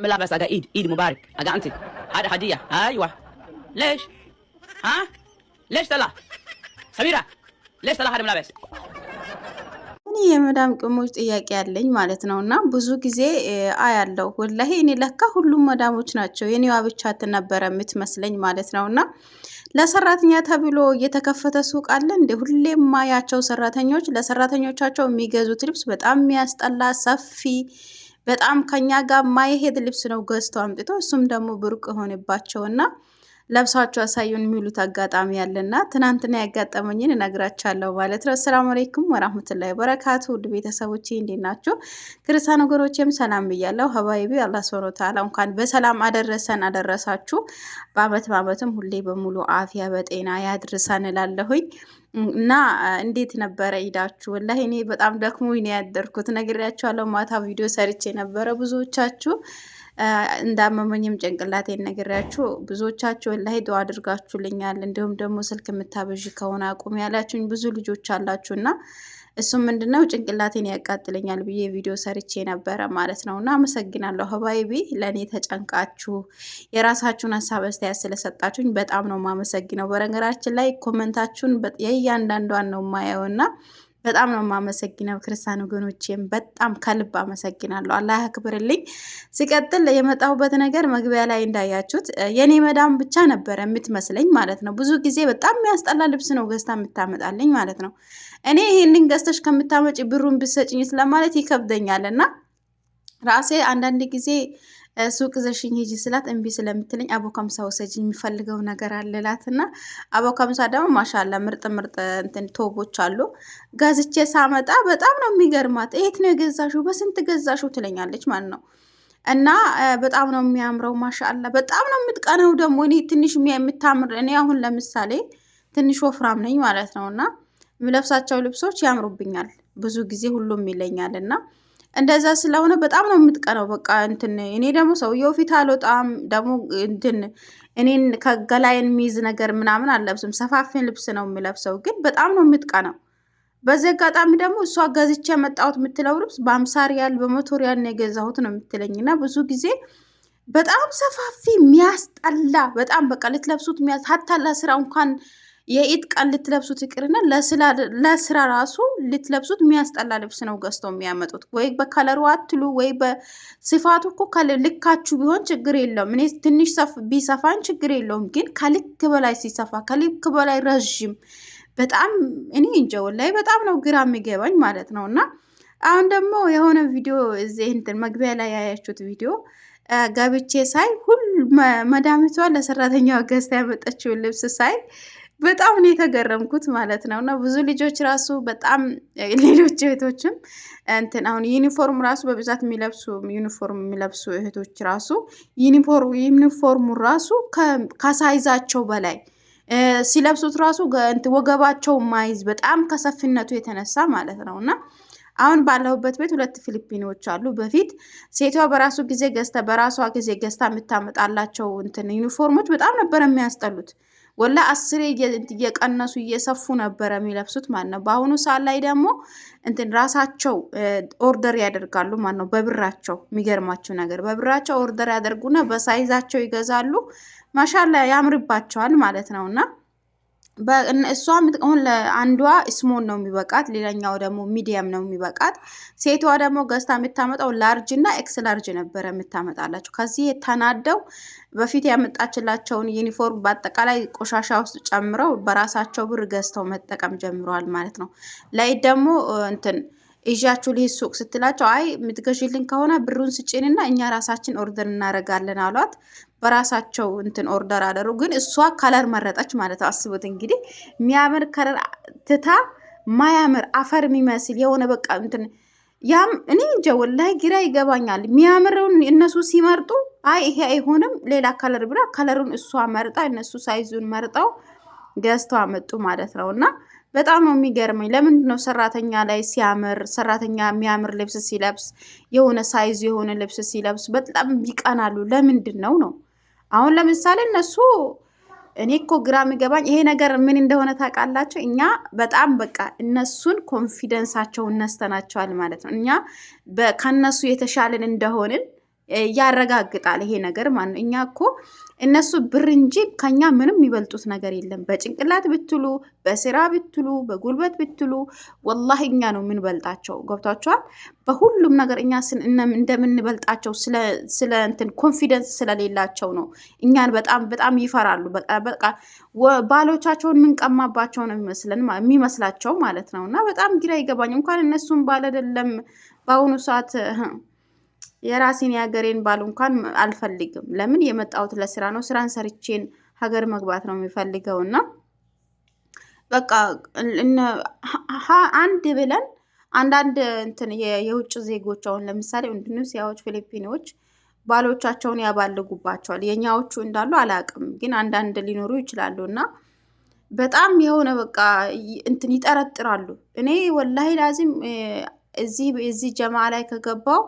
ملابس اجا ايد ايد مبارك اجا انت هذا هديه ايوه ليش ها ليش طلع ሰሚራ ለሽ ተላሃደ ምላበስ እኔ የመዳም ቅሞች ጥያቄ ያለኝ ማለት ነው። እና ብዙ ጊዜ አያለው ወላሂ እኔ ለካ ሁሉም መዳሞች ናቸው የኔዋ ብቻ ትነበረ የምትመስለኝ ማለት ነው። እና ለሰራተኛ ተብሎ እየተከፈተ ሱቅ አለ እንደ ሁሌም ማያቸው ሰራተኞች ለሰራተኞቻቸው የሚገዙት ልብስ በጣም የሚያስጠላ ሰፊ በጣም ከኛ ጋር ማይሄድ ልብስ ነው ገዝቶ አምጥቶ እሱም ደግሞ ብሩቅ ሆነባቸውና ለብሳችሁ አሳዩን የሚሉት አጋጣሚ ያለና ትናንትና ያጋጠመኝን እነግራችኋለሁ ማለት ነው። ሰላም አለይኩም ወራህመቱላሂ ወበረካቱ ውድ ቤተሰቦች እንዴት ናችሁ? ክርስቲያን ወገኖቼም ሰላም ብያለሁ። ሀባይቢ አላህ ሱብሓነሁ ወተዓላ እንኳን በሰላም አደረሰን አደረሳችሁ። በአመት በአመትም ሁሌ በሙሉ አፍያ በጤና ያድርሰን እላለሁኝ። እና እንዴት ነበረ ኢዳችሁ? ወላሂ እኔ በጣም ደክሞኝ ነው ያደርኩት። ነግሬያችኋለሁ። ማታ ቪዲዮ ሰርቼ ነበረ ብዙዎቻችሁ እንዳመመኝም ጭንቅላቴን ነግሬያችሁ ብዙዎቻችሁ ላይ ዱዓ አድርጋችሁልኛል። እንዲሁም ደግሞ ስልክ የምታበዥ ከሆነ አቁም ያላችሁኝ ብዙ ልጆች አላችሁና እሱ ምንድን ነው ጭንቅላቴን ያቃጥለኛል ብዬ ቪዲዮ ሰርቼ ነበረ ማለት ነው። እና አመሰግናለሁ ሀባይቢ ለእኔ ተጨንቃችሁ የራሳችሁን ሀሳብ አስተያየት ስለሰጣችሁኝ በጣም ነው ማመሰግነው። በነገራችን ላይ ኮመንታችሁን የእያንዳንዷን ነው እና በጣም ነው የማመሰግነው ክርስቲያን ወገኖቼም በጣም ከልብ አመሰግናለሁ። አላህ ያክብርልኝ። ሲቀጥል የመጣሁበት ነገር መግቢያ ላይ እንዳያችሁት የኔ መዳም ብቻ ነበረ የምትመስለኝ ማለት ነው። ብዙ ጊዜ በጣም የሚያስጠላ ልብስ ነው ገዝታ የምታመጣልኝ ማለት ነው። እኔ ይህንን ገዝተሽ ከምታመጪ ብሩን ብሰጭኝ ስለማለት ይከብደኛል እና ራሴ አንዳንድ ጊዜ ሱቅ ዘሽኝ ሂጂ ስላት እምቢ ስለምትለኝ አቦ ከምሳ ወሰጅኝ የሚፈልገው ነገር አለላት እና አቦ ከምሳ ደግሞ ማሻላ ምርጥ ምርጥ እንትን ቶቦች አሉ። ገዝቼ ሳመጣ በጣም ነው የሚገርማት። የት ነው የገዛሽው? በስንት ገዛሽው? ትለኛለች ማለት ነው እና በጣም ነው የሚያምረው። ማሻላ በጣም ነው የምትቀነው ደግሞ። እኔ ትንሽ የምታምር እኔ አሁን ለምሳሌ ትንሽ ወፍራም ነኝ ማለት ነው እና የምለብሳቸው ልብሶች ያምሩብኛል ብዙ ጊዜ ሁሉም ይለኛል እና እንደዛ ስለሆነ በጣም ነው የምትቀናው። በቃ እንትን እኔ ደግሞ ሰውየው ፊት አልወጣም ደግሞ እንትን እኔን ከገላይን የሚይዝ ነገር ምናምን አለብስም። ሰፋፊን ልብስ ነው የሚለብሰው፣ ግን በጣም ነው የምትቀናው። በዚህ አጋጣሚ ደግሞ እሷ ገዝቼ የመጣሁት የምትለው ልብስ በአምሳ ሪያል በመቶ ሪያል ነው የገዛሁት ነው የምትለኝ እና ብዙ ጊዜ በጣም ሰፋፊ የሚያስጠላ በጣም በቃ ልትለብሱት ሀታላ ስራ እንኳን የኢድ ቀን ልትለብሱት ይቅርና ለስራ ራሱ ልትለብሱት የሚያስጠላ ልብስ ነው ገዝተው የሚያመጡት። ወይ በከለሩ አትሉ፣ ወይ በስፋቱ እኮ ልካችሁ ቢሆን ችግር የለውም። እኔ ትንሽ ቢሰፋን ችግር የለውም። ግን ከልክ በላይ ሲሰፋ፣ ከልክ በላይ ረዥም በጣም እኔ እንጀውን ላይ በጣም ነው ግራ የሚገባኝ ማለት ነው። እና አሁን ደግሞ የሆነ ቪዲዮ እዚህ እንትን መግቢያ ላይ ያያችሁት ቪዲዮ ገብቼ ሳይ ሁል መዳሚቷ ለሰራተኛዋ ገዝታ ያመጣችውን ልብስ ሳይ በጣም ነው የተገረምኩት ማለት ነው። እና ብዙ ልጆች ራሱ በጣም ሌሎች እህቶችም እንትን አሁን ዩኒፎርም ራሱ በብዛት የሚለብሱ ዩኒፎርም የሚለብሱ እህቶች ራሱ ዩኒፎርሙ ራሱ ከሳይዛቸው በላይ ሲለብሱት ራሱ ወገባቸው ማይዝ በጣም ከሰፊነቱ የተነሳ ማለት ነው እና አሁን ባለሁበት ቤት ሁለት ፊሊፒኖች አሉ። በፊት ሴቷ በራሱ ጊዜ ገዝተ በራሷ ጊዜ ገዝታ የምታመጣላቸው እንትን ዩኒፎርሞች በጣም ነበር የሚያስጠሉት። ወላ አስሬ እየቀነሱ እየሰፉ ነበረ የሚለብሱት ማለት ነው። በአሁኑ ሰዓት ላይ ደግሞ እንትን ራሳቸው ኦርደር ያደርጋሉ ማለት ነው። በብራቸው የሚገርማቸው ነገር በብራቸው ኦርደር ያደርጉና በሳይዛቸው ይገዛሉ። ማሻላ ያምርባቸዋል ማለት ነው እና እሷ አሁን አንዷ ስሞን ነው የሚበቃት፣ ሌላኛው ደግሞ ሚዲየም ነው የሚበቃት። ሴቷ ደግሞ ገዝታ የምታመጣው ላርጅ እና ኤክስ ላርጅ ነበረ የምታመጣላቸው። ከዚህ ተናደው በፊት ያመጣችላቸውን ዩኒፎርም በአጠቃላይ ቆሻሻ ውስጥ ጨምረው በራሳቸው ብር ገዝተው መጠቀም ጀምረዋል ማለት ነው። ላይ ደግሞ እንትን እዣችሁ ልህ ሱቅ ስትላቸው አይ የምትገዥልን ከሆነ ብሩን ስጭንና እኛ ራሳችን ኦርደር እናደርጋለን አሏት። በራሳቸው እንትን ኦርደር አደሩ። ግን እሷ ከለር መረጠች ማለት አስቡት እንግዲህ የሚያምር ከለር ትታ ማያምር አፈር የሚመስል የሆነ በቃ እንትን ያም እኔ እንጃ ወላሂ ግራ ይገባኛል። የሚያምረውን እነሱ ሲመርጡ አይ ይሄ አይሆንም ሌላ ከለር ብላ ከለሩን እሷ መርጣ እነሱ ሳይዙን መርጠው ገዝተው አመጡ ማለት ነው። እና በጣም ነው የሚገርመኝ። ለምንድን ነው ሰራተኛ ላይ ሲያምር ሰራተኛ የሚያምር ልብስ ሲለብስ የሆነ ሳይዝ የሆነ ልብስ ሲለብስ በጣም ይቀናሉ። ለምንድን ነው ነው አሁን ለምሳሌ እነሱ እኔ እኮ ግራ የሚገባኝ ይሄ ነገር ምን እንደሆነ ታውቃላቸው። እኛ በጣም በቃ እነሱን ኮንፊደንሳቸውን ነስተናቸዋል ማለት ነው። እኛ ከነሱ የተሻለን እንደሆንን ያረጋግጣል ይሄ ነገር ማለት ነው። እኛ እኮ እነሱ ብር እንጂ ከኛ ምንም የሚበልጡት ነገር የለም። በጭንቅላት ብትሉ፣ በስራ ብትሉ፣ በጉልበት ብትሉ ወላሂ እኛ ነው የምንበልጣቸው። ገብቷቸዋል። በሁሉም ነገር እኛ እንደምንበልጣቸው ስለ እንትን ኮንፊደንስ ስለሌላቸው ነው። እኛን በጣም በጣም ይፈራሉ። በቃ ባሎቻቸውን የምንቀማባቸው ነው የሚመስለን የሚመስላቸው ማለት ነው። እና በጣም ግራ ይገባኝ እንኳን እነሱም ባል አይደለም በአሁኑ ሰዓት የራሴን የሀገሬን ባል እንኳን አልፈልግም። ለምን የመጣሁት ለስራ ነው። ስራን ሰርቼን ሀገር መግባት ነው የሚፈልገው እና በቃ አንድ ብለን አንዳንድ እንትን የውጭ ዜጎች አሁን ለምሳሌ ኢንዶኔሲያዎች፣ ፊሊፒኖች ባሎቻቸውን ያባልጉባቸዋል። የእኛዎቹ እንዳሉ አላውቅም፣ ግን አንዳንድ ሊኖሩ ይችላሉ እና በጣም የሆነ በቃ እንትን ይጠረጥራሉ። እኔ ወላሂ ላዚም እዚህ ጀማ ላይ ከገባው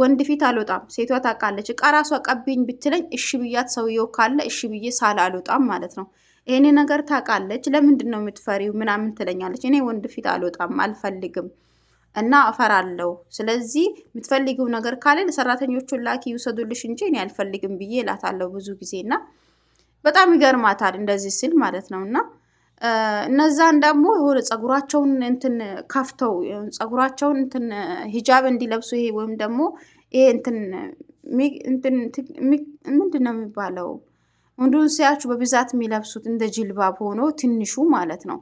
ወንድ ፊት አልወጣም። ሴቷ ታውቃለች። እቃ ራሷ ቀብኝ ብትለኝ እሺ ብያት ሰውየው ካለ እሺ ብዬ ሳል አልወጣም ማለት ነው። ይሄኔ ነገር ታውቃለች። ለምንድን ነው የምትፈሪው ምናምን ትለኛለች። እኔ ወንድ ፊት አልወጣም አልፈልግም እና እፈራለሁ። ስለዚህ የምትፈልጊው ነገር ካለ ለሰራተኞቹ ላኪ ይውሰዱልሽ እንጂ እኔ አልፈልግም ብዬ እላታለሁ ብዙ ጊዜ እና በጣም ይገርማታል እንደዚህ ስል ማለት ነው እና እነዛን ደግሞ የሆነ ፀጉራቸውን እንትን ከፍተው ፀጉራቸውን እንትን ሂጃብ እንዲለብሱ ይሄ ወይም ደግሞ ይሄ እንትን ምንድን ነው የሚባለው ወንዱን ሲያችሁ በብዛት የሚለብሱት እንደ ጅልባብ ሆኖ ትንሹ ማለት ነው።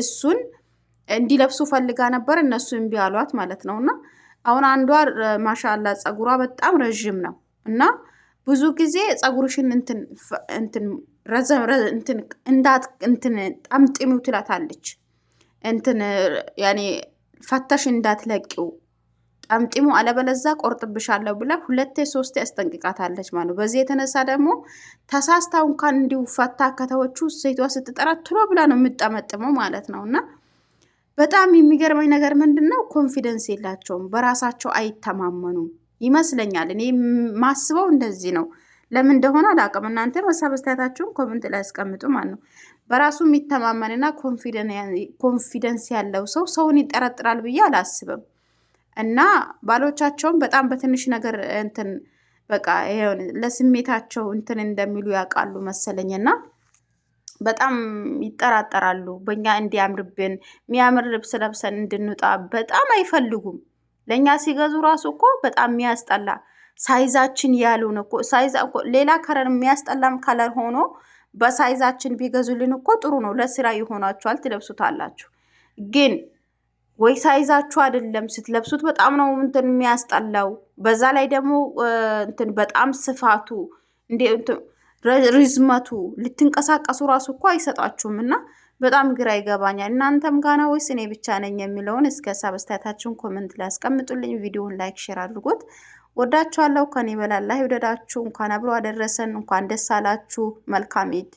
እሱን እንዲለብሱ ፈልጋ ነበር፣ እነሱ እምቢ አሏት ማለት ነው። እና አሁን አንዷ ማሻላ ፀጉሯ በጣም ረዥም ነው እና ብዙ ጊዜ ፀጉርሽን እንትን ረዘም እንትን እንዳት እንትን ጠምጥሚው ትላታለች። እንትን ያኔ ፈታሽ እንዳትለቂው ጠምጢሙ አለበለዛ ቆርጥብሻለሁ ብላ ሁለቴ ሶስቴ አስጠንቅቃታለች ማለት ነው። በዚህ የተነሳ ደግሞ ተሳስታው እንኳን እንዲሁ ፈታ ከተዎቹ ሴቷ ስትጠራ ትሎ ብላ ነው የምጠመጥመው ማለት ነው። እና በጣም የሚገርመኝ ነገር ምንድን ነው ኮንፊደንስ የላቸውም፣ በራሳቸው አይተማመኑም ይመስለኛል። እኔ ማስበው እንደዚህ ነው። ለምን እንደሆነ አላውቅም። እናንተ ሀሳብ አስተያየታችሁን ኮመንት ላይ አስቀምጡ ማለት ነው። በራሱ የሚተማመንና ኮንፊደንስ ያለው ሰው ሰውን ይጠረጥራል ብዬ አላስብም። እና ባሎቻቸውን በጣም በትንሽ ነገር እንትን በቃ ለስሜታቸው እንትን እንደሚሉ ያውቃሉ መሰለኝ እና በጣም ይጠራጠራሉ። በእኛ እንዲያምርብን የሚያምር ልብስ ለብሰን እንድንወጣ በጣም አይፈልጉም። ለእኛ ሲገዙ ራሱ እኮ በጣም የሚያስጠላ ሳይዛችን ያሉን እኮ ሳይዛ ሌላ ከረር የሚያስጠላም ከለር ሆኖ በሳይዛችን ቢገዙልን እኮ ጥሩ ነው። ለስራ ይሆናችኋል፣ ትለብሱታላችሁ። ግን ወይ ሳይዛችሁ አይደለም ስትለብሱት በጣም ነው እንትን የሚያስጠላው። በዛ ላይ ደግሞ እንትን በጣም ስፋቱ ርዝመቱ ልትንቀሳቀሱ ራሱ እኮ አይሰጣችሁም እና በጣም ግራ ይገባኛል። እናንተም ጋና ወይስ እኔ ብቻ ነኝ የሚለውን እስከ ሳብ አስተያየታችሁን ኮመንት ላይ አስቀምጡልኝ። ቪዲዮውን ላይክ ሼር አድርጎት ወዳችኋለሁ። ከኔ በላላ ይውደዳችሁ። እንኳን አብሮ አደረሰን። እንኳን ደስ አላችሁ። መልካም ኢድ